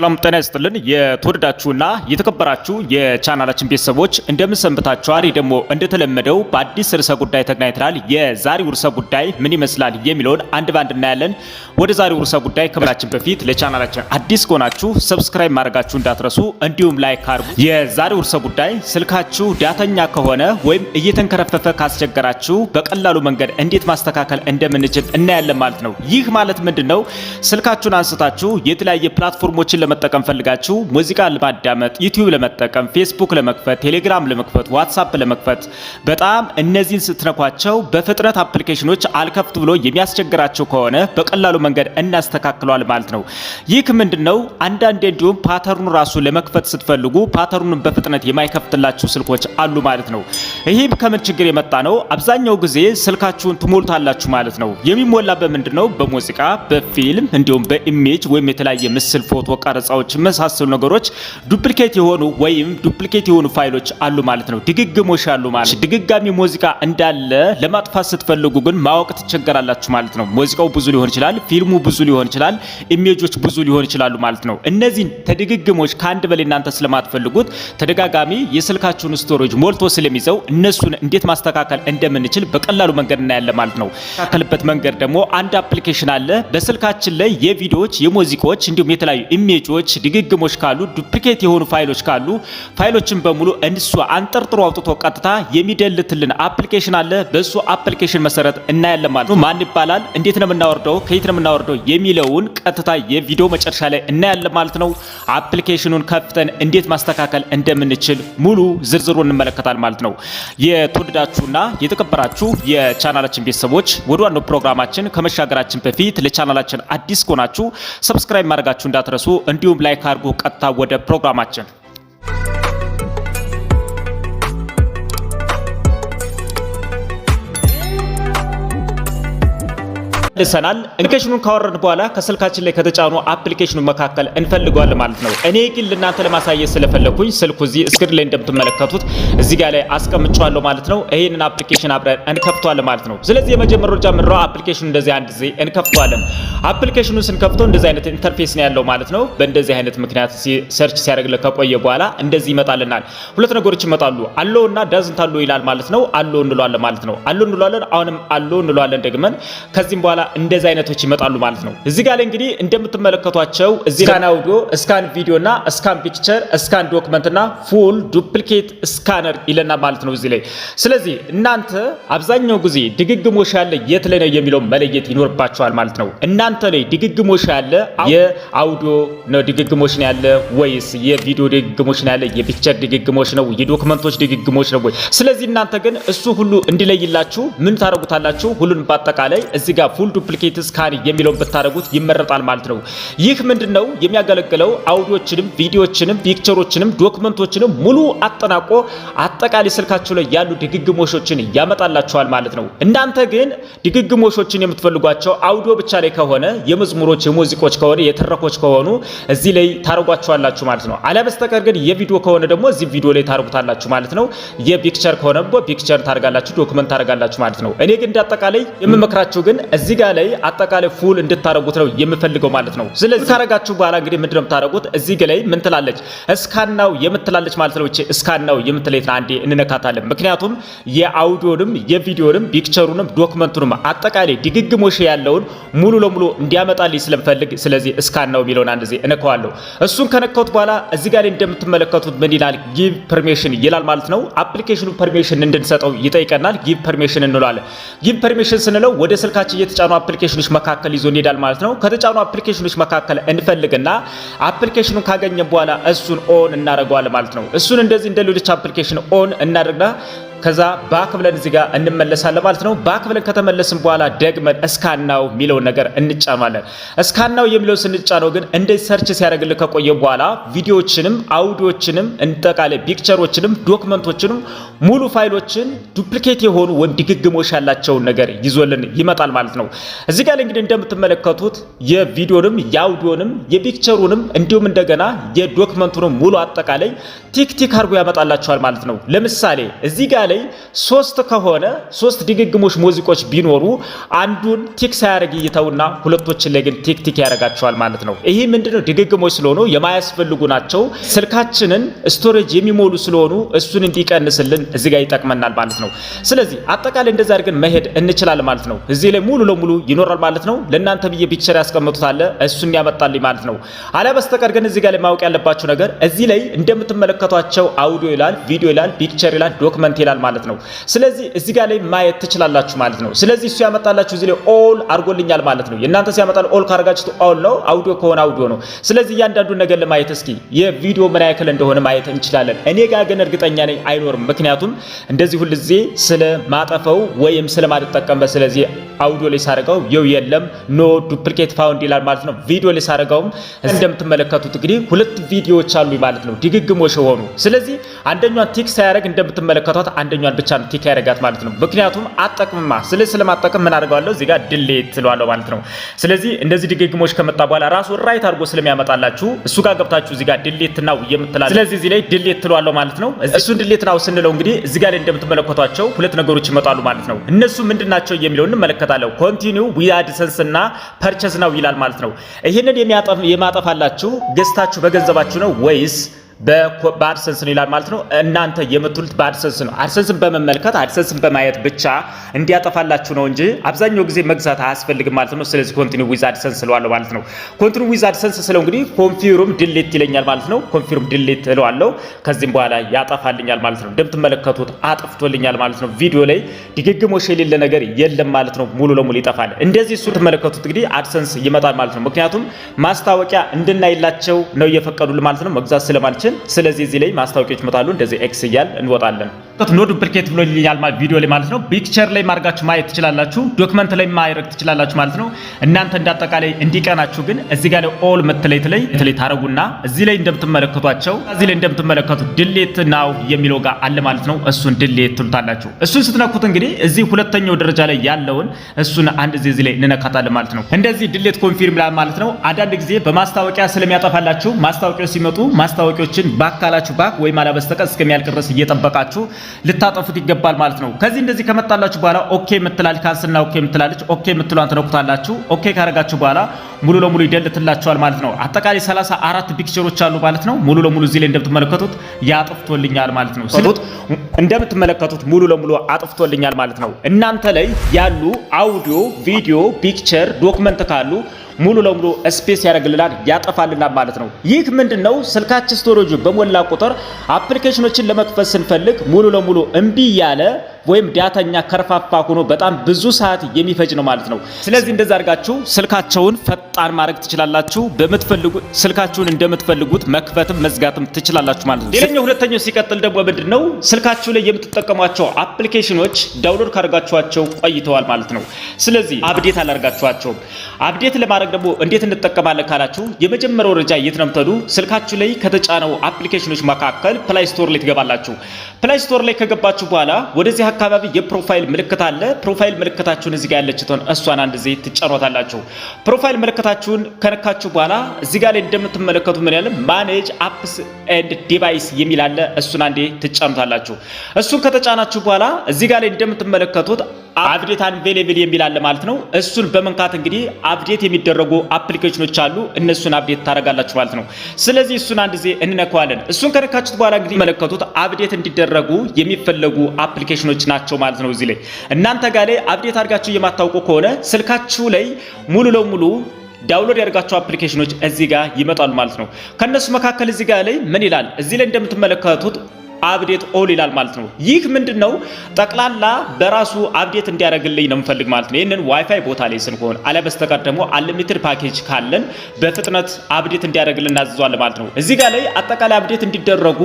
ሰላም ጤና ይስጥልን። የተወደዳችሁና የተከበራችሁ የቻናላችን ቤተሰቦች እንደምን ሰንብታችኋል? ደግሞ እንደተለመደው በአዲስ ርዕሰ ጉዳይ ተገናኝተናል። የዛሬው ርዕሰ ጉዳይ ምን ይመስላል የሚለውን አንድ ባንድ እናያለን። ወደ ዛሬው ርዕሰ ጉዳይ ከመላችን በፊት ለቻናላችን አዲስ ከሆናችሁ ሰብስክራይብ ማድረጋችሁ እንዳትረሱ፣ እንዲሁም ላይክ አድርጉ። የዛሬው ርዕሰ ጉዳይ ስልካችሁ ዳተኛ ከሆነ ወይም እየተንከረፈፈ ካስቸገራችሁ በቀላሉ መንገድ እንዴት ማስተካከል እንደምንችል እናያለን ማለት ነው። ይህ ማለት ምንድን ነው? ስልካችሁን አንስታችሁ የተለያየ ፕላትፎርሞችን ለመጠቀም ፈልጋችሁ ሙዚቃ ለማዳመጥ፣ ዩቲዩብ ለመጠቀም፣ ፌስቡክ ለመክፈት፣ ቴሌግራም ለመክፈት፣ ዋትሳፕ ለመክፈት በጣም እነዚህን ስትነኳቸው በፍጥነት አፕሊኬሽኖች አልከፍት ብሎ የሚያስቸግራቸው ከሆነ በቀላሉ መንገድ እናስተካክሏል ማለት ነው። ይህ ምንድን ነው? አንዳንዴ እንዲሁም ፓተርኑ ራሱ ለመክፈት ስትፈልጉ ፓተርኑን በፍጥነት የማይከፍትላችሁ ስልኮች አሉ ማለት ነው። ይህም ከምን ችግር የመጣ ነው? አብዛኛው ጊዜ ስልካችሁን ትሞልታላችሁ ማለት ነው። የሚሞላ በምንድን ነው? በሙዚቃ በፊልም እንዲሁም በኢሜጅ ወይም የተለያየ ምስል ፎቶ ቀረ ቀረጻዎች መሳሰሉ ነገሮች ዱፕሊኬት የሆኑ ወይም ዱፕሊኬት የሆኑ ፋይሎች አሉ ማለት ነው። ድግግሞሽ አሉ ማለት ድግጋሚ ሙዚቃ እንዳለ ለማጥፋት ስትፈልጉ ግን ማወቅ ትቸገራላችሁ ማለት ነው። ሙዚቃው ብዙ ሊሆን ይችላል፣ ፊልሙ ብዙ ሊሆን ይችላል፣ ኢሜጆች ብዙ ሊሆን ይችላሉ ማለት ነው። እነዚህን ተድግግሞች ከአንድ በላይ እናንተ ስለማትፈልጉት ተደጋጋሚ የስልካችሁን ስቶሬጅ ሞልቶ ስለሚይዘው እነሱን እንዴት ማስተካከል እንደምንችል በቀላሉ መንገድ እናያለን ማለት ነው። መንገድ ደግሞ አንድ አፕሊኬሽን አለ በስልካችን ላይ የቪዲዮዎች የሙዚቃዎች እንዲሁም የተለያዩ ኢሜጆች ፍንጮች፣ ድግግሞች ካሉ ዱፕሊኬት የሆኑ ፋይሎች ካሉ ፋይሎችን በሙሉ እንሱ አንጠርጥሮ አውጥቶ ቀጥታ የሚደልትልን አፕሊኬሽን አለ። በሱ አፕሊኬሽን መሰረት እናያለን ማለት ነው። ማን ይባላል፣ እንዴት ነው የምናወርደው፣ ከየት ነው የምናወርደው የሚለውን ቀጥታ የቪዲዮ መጨረሻ ላይ እናያለን ማለት ነው። አፕሊኬሽኑን ከፍተን እንዴት ማስተካከል እንደምንችል ሙሉ ዝርዝሩ እንመለከታል ማለት ነው። የተወደዳችሁና የተከበራችሁ የቻናላችን ቤተሰቦች ወደ ዋናው ፕሮግራማችን ከመሻገራችን በፊት ለቻናላችን አዲስ ከሆናችሁ ሰብስክራይብ ማድረጋችሁ እንዳትረሱ፣ እንዲሁም ላይክ አድርጉ። ቀጥታ ወደ ፕሮግራማችን መልሰናል። እንከሽኑን ካወረድ በኋላ ከስልካችን ላይ ከተጫኑ አፕሊኬሽኑ መካከል እንፈልገዋል ማለት ነው። እኔ ግን ለእናንተ ለማሳየት ስለፈለኩኝ ስልኩ እዚህ እስክሪን ላይ እንደምትመለከቱት እዚህ ጋር ላይ አስቀምጫዋለሁ ማለት ነው። ይህንን አፕሊኬሽን አብረን እንከፍተዋል ማለት ነው። ስለዚህ የመጀመሪያው ጃ ምንድነው አፕሊኬሽኑ እንደዚህ አንድ ጊዜ እንከፍተዋለን። አፕሊኬሽኑን ስንከፍተው እንደዚህ አይነት ኢንተርፌስ ነው ያለው ማለት ነው። በእንደዚህ አይነት ምክንያት ሰርች ሲያደርግልን ከቆየ በኋላ እንደዚህ ይመጣልናል። ሁለት ነገሮች ይመጣሉ፣ አለው እና ዳዝንት አሎ ይላል ማለት ነው። አለው እንለዋለን ማለት ነው። አለው እንለዋለን አሁንም አሎ እንለዋለን ደግመን ከዚህም በኋላ እንደዚህ አይነቶች ይመጣሉ ማለት ነው። እዚህ ጋር ላይ እንግዲህ እንደምትመለከቷቸው እዚህ አውዲዮ፣ ስካን ቪዲዮ እና ስካን ፒክቸር፣ ስካን ዶክመንት እና ፉል ዱፕሊኬት ስካነር ይለናል ማለት ነው እዚህ ላይ። ስለዚህ እናንተ አብዛኛው ጊዜ ድግግሞሽ ያለ የት ላይ ነው የሚለው መለየት ይኖርባቸዋል ማለት ነው። እናንተ ላይ ድግግሞሽ ያለ የአውዲዮ ነው ድግግሞሽ ነው ያለ ወይስ የቪዲዮ ድግግሞሽ ነው ያለ የፒክቸር ድግግሞሽ ነው የዶክመንቶች ድግግሞች ነው ወይ? ስለዚህ እናንተ ግን እሱ ሁሉ እንዲለይላችሁ ምን ታደርጉታላችሁ? ሁሉን በአጠቃላይ እዚህ ጋር ፉል ዱፕሊኬትስ ካሪ የሚለውን ብታደርጉት ይመረጣል ማለት ነው። ይህ ምንድን ነው የሚያገለግለው? አውዲዎችንም፣ ቪዲዮችንም፣ ፒክቸሮችንም፣ ዶክመንቶችንም ሙሉ አጠናቆ አጠቃላይ ስልካችሁ ላይ ያሉ ድግግሞሾችን ያመጣላችኋል ማለት ነው። እናንተ ግን ድግግሞሾችን የምትፈልጓቸው አውዲዮ ብቻ ላይ ከሆነ የመዝሙሮች የሙዚቆች ከሆነ የተረኮች ከሆኑ እዚህ ላይ ታደርጓችኋላችሁ ማለት ነው። አለበስተቀር በስተቀር ግን የቪዲዮ ከሆነ ደግሞ እዚህ ቪዲዮ ላይ ታደርጉታላችሁ ማለት ነው። የፒክቸር ከሆነ ፒክቸር ታደርጋላችሁ፣ ዶክመንት ታደርጋላችሁ ማለት ነው። እኔ ግን እንዳጠቃላይ የምመክራችሁ ግን እዚህ ጋር ላይ አጠቃላይ ፉል እንድታረጉት ነው የምፈልገው ማለት ነው። ስለዚህ ካረጋችሁ በኋላ እንግዲህ ምንድነው ነው የምታረጉት? እዚህ ላይ ምን ትላለች? እስካናው የምትላለች ማለት ነው። እቺ እስካናው የምትለይት አንዴ እንነካታለን። ምክንያቱም የአውዲዮንም የቪዲዮንም ፒክቸሩንም ዶክመንቱንም አጠቃላይ ድግግሞሽ ያለውን ሙሉ ለሙሉ እንዲያመጣልኝ ስለምፈልግ ስለዚህ እስካናው የሚለውን አንድ ጊዜ እነካዋለሁ። እሱን ከነካሁት በኋላ እዚህ ጋር እንደምትመለከቱት ምን ይላል? ጊቭ ፐርሚሽን ይላል ማለት ነው። አፕሊኬሽኑ ፐርሚሽን እንድንሰጠው ይጠይቀናል። ጊቭ ፐርሚሽን እንለዋለን። ጊቭ ፐርሚሽን ስንለው ወደ ስልካችን እየተጫኑ አፕሊኬሽኖች መካከል ይዞ እንሄዳል ማለት ነው። ከተጫኑ አፕሊኬሽኖች መካከል እንፈልግና አፕሊኬሽኑን ካገኘ በኋላ እሱን ኦን እናደርገዋለን ማለት ነው። እሱን እንደዚህ እንደ ሌሎች አፕሊኬሽን ኦን እናደርግና ከዛ ባክ ብለን እዚህ ጋር እንመለሳለን ማለት ነው። ባክ ብለን ከተመለስን በኋላ ደግመን እስካናው የሚለውን ነገር እንጫማለን። እስካናው የሚለው ስንጫነው ግን እንደ ሰርች ሲያደርግልህ ከቆየ በኋላ ቪዲዮዎችንም፣ አውዲዎችንም፣ እንጠቃላይ ፒክቸሮችንም፣ ዶክመንቶችንም ሙሉ ፋይሎችን ዱፕሊኬት የሆኑ ወይም ድግግሞሽ ያላቸውን ነገር ይዞልን ይመጣል ማለት ነው። እዚህ ጋር እንግዲህ እንደምትመለከቱት የቪዲዮንም፣ የአውዲዮንም፣ የፒክቸሩንም እንዲሁም እንደገና የዶክመንቱንም ሙሉ አጠቃላይ ቲክቲክ አድርጎ ያመጣላቸዋል ማለት ነው። ለምሳሌ እዚህ ጋር ላይ ሶስት ከሆነ ሶስት ድግግሞች ሙዚቆች ቢኖሩ አንዱን ቲክ ሳያደርግ ይተውና ሁለቶችን ላይ ግን ቲክ ቲክ ያደርጋቸዋል ማለት ነው። ይህ ምንድነው? ድግግሞች ስለሆኑ የማያስፈልጉ ናቸው። ስልካችንን ስቶሬጅ የሚሞሉ ስለሆኑ እሱን እንዲቀንስልን እዚህ ጋር ይጠቅመናል ማለት ነው። ስለዚህ አጠቃላይ እንደዛ አድርገን መሄድ እንችላለን ማለት ነው። እዚህ ላይ ሙሉ ለሙሉ ይኖራል ማለት ነው። ለእናንተ ብዬ ፒክቸር አለ እሱን ያመጣልኝ ማለት ነው። አሊያ በስተቀር ግን እዚህ ጋር ላይ ማወቅ ያለባቸው ነገር እዚህ ላይ እንደምትመለከቷቸው አውዲዮ ይላል፣ ቪዲዮ ይላል፣ ፒክቸር ይላል፣ ዶክመንት ይላል ይችላል ማለት ነው። ስለዚህ እዚህ ጋር ላይ ማየት ትችላላችሁ ማለት ነው። ስለዚህ እሱ ያመጣላችሁ እዚህ ላይ ኦል አድርጎልኛል ማለት ነው። የእናንተ ሲያመጣል ኦል ካረጋችሁት ኦል ነው፣ አውዲዮ ከሆነ አውዲዮ ነው። ስለዚህ እያንዳንዱ ነገር ለማየት እስኪ የቪዲዮ ምን ያክል እንደሆነ ማየት እንችላለን። እኔ ጋር ግን እርግጠኛ ነኝ አይኖርም፣ ምክንያቱም እንደዚህ ሁልጊዜ ስለማጠፈው ወይም ስለማልጠቀምበት ስለዚህ አውዲዮ ላይ ሳረገው የው የለም ኖ ዱፕሊኬት ፋውንድ ይላል ማለት ነው። ቪዲዮ ላይ ሳረገውም እንደምትመለከቱት እንግዲህ ሁለት ቪዲዮዎች አሉ ማለት ነው፣ ድግግሞሽ ሆኑ። ስለዚህ አንደኛው ቲክ ሳያደርግ እንደምትመለከቷት አንደኛዋን ብቻ ቲክ ያደርጋት ማለት ነው። ምክንያቱም አጠቅምማ ስለዚህ ስለማጠቅም ምን አድርገዋለሁ እዚህ ጋር ድሌት ስለዋለሁ ማለት ነው። ስለዚህ እንደዚህ ድግግሞች ከመጣ በኋላ ራሱ ራይት አድርጎ ስለሚያመጣላችሁ እሱ ጋር ገብታችሁ እዚህ ጋር ድሌት ናው የምትላለ። ስለዚህ እዚህ ላይ ድሌት ትሏለሁ ማለት ነው። እሱን ድሌት ናው ስንለው እንግዲህ እዚህ ጋር ላይ እንደምትመለከቷቸው ሁለት ነገሮች ይመጣሉ ማለት ነው። እነሱ ምንድናቸው የሚለው እንመለከታለሁ። ኮንቲኒው ዊዝ ሰንስ እና ፐርቸዝ ናው ይላል ማለት ነው። ይህንን የማጠፋላችሁ ገዝታችሁ በገንዘባችሁ ነው ወይስ በአድሰንስ ነው ይላል ማለት ነው። እናንተ የምትሉት በአድሰንስ ነው። አድሰንስን በመመልከት አድሰንስን በማየት ብቻ እንዲያጠፋላችሁ ነው እንጂ አብዛኛው ጊዜ መግዛት አያስፈልግም ማለት ነው። ስለዚህ ኮንቲኒ ዊዝ አድሰንስ ስለዋለሁ ማለት ነው። ኮንቲኒ ዊዝ አድሰንስ ስለው እንግዲህ ኮንፊርም ድሌት ይለኛል ማለት ነው። ኮንፊርም ድሌት እለዋለሁ። ከዚህም በኋላ ያጠፋልኛል ማለት ነው። እንደምትመለከቱት አጥፍቶልኛል ማለት ነው። ቪዲዮ ላይ ድግግሞሽ የሌለ ነገር የለም ማለት ነው። ሙሉ ለሙሉ ይጠፋል። እንደዚህ እሱ ትመለከቱት እንግዲህ አድሰንስ ይመጣል ማለት ነው። ምክንያቱም ማስታወቂያ እንድናይላቸው ነው እየፈቀዱልን ማለት ነው። መግዛት ስለማንችል አለብን። ስለዚህ እዚህ ላይ ማስታወቂያዎች ይመጣሉ። እንደዚህ ኤክስ እያል እንወጣለን። ኖ ዱፕሊኬት ብሎ ይልኛል ቪዲዮ ላይ ማለት ነው። ፒክቸር ላይ ማድረጋችሁ ማየት ትችላላችሁ፣ ዶክመንት ላይ ማድረግ ትችላላችሁ ማለት ነው። እናንተ እንዳጠቃላይ እንዲቀናችሁ ግን እዚህ ጋር ላይ ኦል ምትለይት ላይ ትለይ ታረጉና እዚህ ላይ እንደምትመለከቷቸው እዚህ ላይ እንደምትመለከቱ ድሌት ናው የሚለው ጋር አለ ማለት ነው። እሱን ድሌት ትሉታላችሁ። እሱን ስትነኩት እንግዲህ እዚህ ሁለተኛው ደረጃ ላይ ያለውን እሱን አንድ ጊዜ እዚህ ላይ እንነካታለን ማለት ነው። እንደዚህ ድሌት ኮንፊርም ላይ ማለት ነው። አንዳንድ ጊዜ በማስታወቂያ ስለሚያጠፋላችሁ ማስታወቂያዎች ሲመጡ ማስታወቂያዎች ሰዎችን ባካላችሁ ባክ ወይም አላበስተቀር እስከሚያልቅ ድረስ እየጠበቃችሁ ልታጠፉት ይገባል ማለት ነው። ከዚህ እንደዚህ ከመጣላችሁ በኋላ ኦኬ ምትላል ካንስና ኦኬ ምትላልች ኦኬ ምትሏን ትነኩታላችሁ። ኦኬ ካረጋችሁ በኋላ ሙሉ ለሙሉ ይደልትላችኋል ማለት ነው። አጠቃላይ 34 ፒክቸሮች አሉ ማለት ነው። ሙሉ ለሙሉ እዚህ ላይ እንደምትመለከቱት ያጥፍቶልኛል ማለት ነው። እንደምትመለከቱት ሙሉ ለሙሉ አጥፍቶልኛል ማለት ነው። እናንተ ላይ ያሉ አውዲዮ፣ ቪዲዮ፣ ፒክቸር፣ ዶክመንት ካሉ ሙሉ ለሙሉ ስፔስ ያደርግልናል ያጠፋልናል ማለት ነው። ይህ ምንድን ነው? ስልካችን ስቶሬጁ በሞላ ቁጥር አፕሊኬሽኖችን ለመክፈት ስንፈልግ ሙሉ ለሙሉ እምቢ ያለ ወይም ዳተኛ ከርፋፋ ሆኖ በጣም ብዙ ሰዓት የሚፈጅ ነው ማለት ነው። ስለዚህ እንደዛ አድርጋችሁ ስልካቸውን ፈጣን ማድረግ ትችላላችሁ። በምትፈልጉ ስልካችሁን እንደምትፈልጉት መክፈትም መዝጋትም ትችላላችሁ ማለት ነው። ሌላኛው ሁለተኛው ሲቀጥል ደግሞ ምንድን ነው ስልካችሁ ላይ የምትጠቀሟቸው አፕሊኬሽኖች ዳውንሎድ ካደርጋችኋቸው ቆይተዋል ማለት ነው። ስለዚህ አብዴት አላደርጋችኋቸውም። አብዴት ለማድረግ ደግሞ እንዴት እንጠቀማለን ካላችሁ የመጀመሪያው ደረጃ የት ነው የምትሄዱ? ስልካችሁ ላይ ከተጫነው አፕሊኬሽኖች መካከል ፕላይ ስቶር ላይ ትገባላችሁ። ፕላይ ስቶር ላይ ከገባችሁ በኋላ ወደዚህ አካባቢ የፕሮፋይል ምልክት አለ። ፕሮፋይል ምልክታችሁን እዚህ ጋር ያለችትን እሷን አንድ ጊዜ ትጫኗታላችሁ። ፕሮፋይል ምልክታችሁን ከነካችሁ በኋላ እዚህ ጋር ላይ እንደምትመለከቱ ምን ያለ ማኔጅ አፕስ ኤንድ ዲቫይስ የሚል አለ። እሱን አንዴ ትጫኑታላችሁ። እሱን ከተጫናችሁ በኋላ እዚህ ጋር ላይ እንደምትመለከቱት አፕዴት አንቬሌብል የሚል አለ ማለት ነው። እሱን በመንካት እንግዲህ አፕዴት የሚደረጉ አፕሊኬሽኖች አሉ። እነሱን አፕዴት ታደርጋላችሁ ማለት ነው። ስለዚህ እሱን አንድ ጊዜ እንነካዋለን። እሱን ከነካችሁት በኋላ እንግዲህ መለከቱት አፕዴት እንዲደረጉ የሚፈለጉ አፕሊኬሽኖች ናቸው ማለት ነው። እዚህ ላይ እናንተ ጋ ላይ አፕዴት አድርጋችሁ የማታውቁ ከሆነ ስልካችሁ ላይ ሙሉ ለሙሉ ዳውንሎድ ያደርጋቸው አፕሊኬሽኖች እዚህ ጋር ይመጣሉ ማለት ነው። ከነሱ መካከል እዚህ ጋር ላይ ምን ይላል? እዚህ ላይ እንደምትመለከቱት አብዴት ኦል ይላል ማለት ነው። ይህ ምንድን ነው? ጠቅላላ በራሱ አብዴት እንዲያደርግልኝ ነው የምፈልግ ማለት ነው። ይህንን ዋይፋይ ቦታ ላይ ስንሆን አለ በስተቀር ደግሞ አንሊሚትድ ፓኬጅ ካለን በፍጥነት አብዴት እንዲያደርግልን እናዝዟል ማለት ነው። እዚህ ጋር ላይ አጠቃላይ አብዴት እንዲደረጉ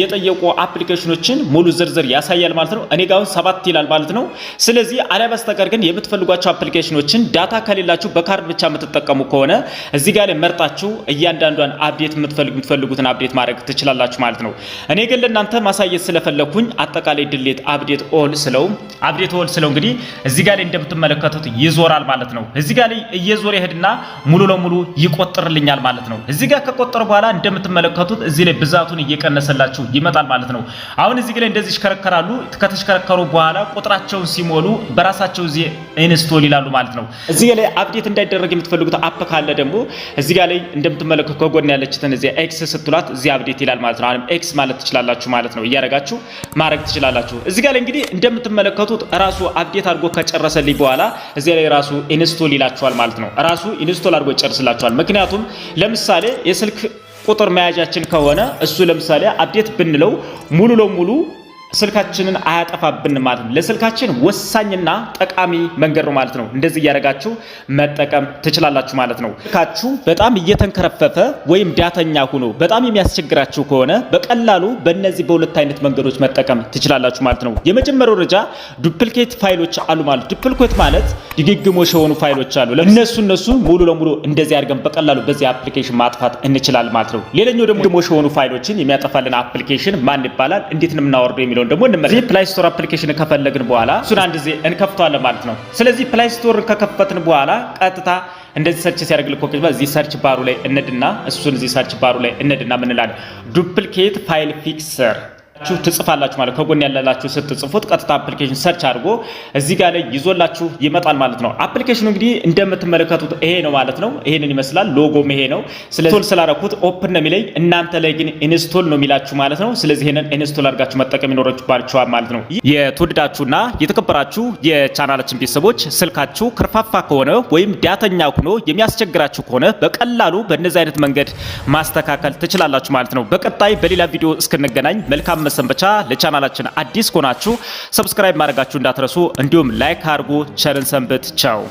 የጠየቁ አፕሊኬሽኖችን ሙሉ ዝርዝር ያሳያል ማለት ነው። እኔ ጋውን ሰባት ይላል ማለት ነው። ስለዚህ አለ በስተቀር ግን የምትፈልጓቸው አፕሊኬሽኖችን ዳታ ከሌላችሁ በካርድ ብቻ የምትጠቀሙ ከሆነ እዚህ ጋር ላይ መርጣችሁ እያንዳንዷን አብዴት የምትፈልጉትን አብዴት ማድረግ ትችላላችሁ ማለት ነው። እኔ ግን ለእናንተ ለእናንተ ማሳየት ስለፈለኩኝ አጠቃላይ ድሌት አብዴት ኦል ስለው አብዴት ኦል ስለው እንግዲህ እዚህ ጋር ላይ እንደምትመለከቱት ይዞራል ማለት ነው። እዚህ ጋር ላይ እየዞረ ይሄድና ሙሉ ለሙሉ ይቆጥርልኛል ማለት ነው። እዚህ ጋር ከቆጠረ በኋላ እንደምትመለከቱት እዚህ ላይ ብዛቱን እየቀነሰላችሁ ይመጣል ማለት ነው። አሁን እዚህ ላይ እንደዚህ ይሽከረከራሉ። ከተሽከረከሩ በኋላ ቁጥራቸውን ሲሞሉ በራሳቸው እዚህ ኢንስቶል ይላሉ ማለት ነው። እዚህ ላይ አብዴት እንዳይደረግ የምትፈልጉት አፕ ካለ ደግሞ እዚህ ላይ እንደምትመለከቱ ከጎን ያለችትን እዚህ ኤክስ ስትሏት እዚህ አብዴት ይላል ማለት ነው። ኤክስ ማለት ትችላላችሁ። ማለት ነው እያደረጋችሁ ማድረግ ትችላላችሁ። እዚህ ጋር እንግዲህ እንደምትመለከቱት ራሱ አፕዴት አድርጎ ከጨረሰልኝ በኋላ እዚህ ላይ ራሱ ኢንስቶል ይላችኋል ማለት ነው። ራሱ ኢንስቶል አድርጎ ይጨርስላችኋል። ምክንያቱም ለምሳሌ የስልክ ቁጥር መያዣችን ከሆነ እሱ ለምሳሌ አፕዴት ብንለው ሙሉ ለሙሉ ስልካችንን አያጠፋብን ማለት ነው። ለስልካችን ወሳኝና ጠቃሚ መንገድ ነው ማለት ነው። እንደዚህ እያደረጋችሁ መጠቀም ትችላላችሁ ማለት ነው። ስልካችሁ በጣም እየተንከረፈፈ ወይም ዳተኛ ሆኖ በጣም የሚያስቸግራችሁ ከሆነ በቀላሉ በእነዚህ በሁለት አይነት መንገዶች መጠቀም ትችላላችሁ ማለት ነው። የመጀመሪያው ደረጃ ዱፕሊኬት ፋይሎች አሉ ማለት ዱፕሊኬት ማለት ድግግሞሽ የሆኑ ፋይሎች አሉ። እነሱ እነሱ ሙሉ ለሙሉ እንደዚህ አድርገን በቀላሉ በዚህ አፕሊኬሽን ማጥፋት እንችላለን ማለት ነው። ሌላኛው ደግሞ ድግግሞሽ የሆኑ ፋይሎችን የሚያጠፋልን አፕሊኬሽን ማን ይባላል? እንዴት ነው የምናወርደው? የሚለውን ደግሞ እንመለከት። ፕላይ ስቶር አፕሊኬሽን ከፈለግን በኋላ እሱን አንድ ጊዜ እንከፍተዋለን ማለት ነው። ስለዚህ ፕላይ ስቶር ከከፈትን በኋላ ቀጥታ እንደዚህ ሰርች ሲያደርግ ልኮ እዚህ ሰርች ባሩ ላይ እንድና እሱን እዚህ ሰርች ባሩ ላይ እንድና ምንላለን ዱፕሊኬት ፋይል ፊክሰር ችሁ ትጽፋላችሁ ማለት ከጎን ያለላችሁ ስትጽፉት ቀጥታ አፕሊኬሽን ሰርች አድርጎ እዚህ ጋር ላይ ይዞላችሁ ይመጣል ማለት ነው። አፕሊኬሽኑ እንግዲህ እንደምትመለከቱት ይሄ ነው ማለት ነው። ይሄንን ይመስላል። ሎጎም ይሄ ነው። ስለዚህ ስላረኩት ኦፕን ነው የሚለኝ፣ እናንተ ላይ ግን ኢንስቶል ነው የሚላችሁ ማለት ነው። ስለዚህ ይሄንን ኢንስቶል አድርጋችሁ መጠቀም ይኖራችኋል ማለት ነው። የተወደዳችሁና የተከበራችሁ የቻናላችን ቤተሰቦች ስልካችሁ ክርፋፋ ከሆነ ወይም ዳተኛ ሆኖ የሚያስቸግራችሁ ከሆነ በቀላሉ በእነዚህ አይነት መንገድ ማስተካከል ትችላላችሁ ማለት ነው። በቀጣይ በሌላ ቪዲዮ እስክንገናኝ መልካም መሰንበቻ። ለቻናላችን አዲስ ከሆናችሁ ሰብስክራይብ ማድረጋችሁ እንዳትረሱ፣ እንዲሁም ላይክ አድርጉ። ቸርን ሰንብት። ቻው